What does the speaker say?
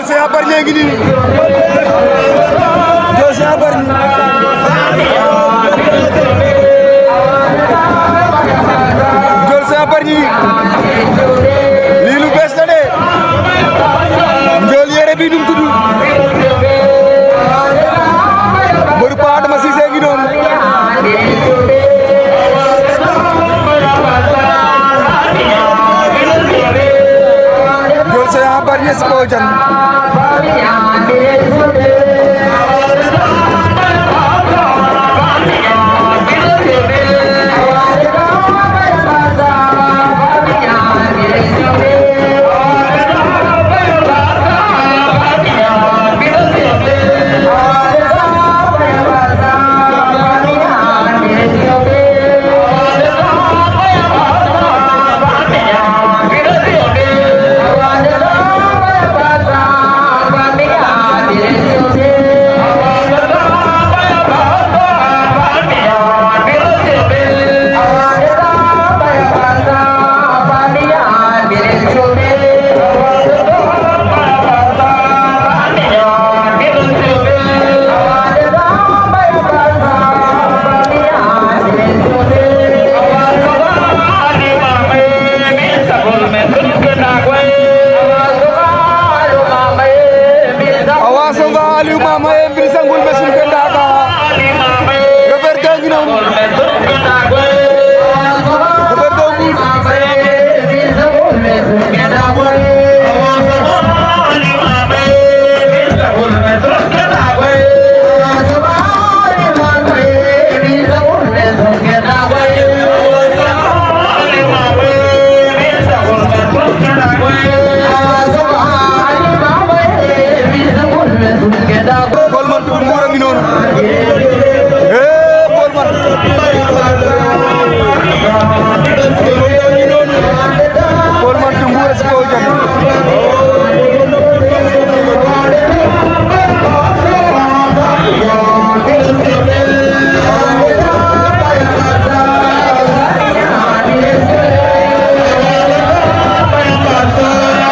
Ndiol Géant Bargny ngi nii Ndiol Géant Bargny Bargny lii lu bees la de Ndiol yére bi num tudd Yes, Bojan. Yes, Bojan. ma è Mama Mbirisa Ngul Besul Kendaka Robert Gangnam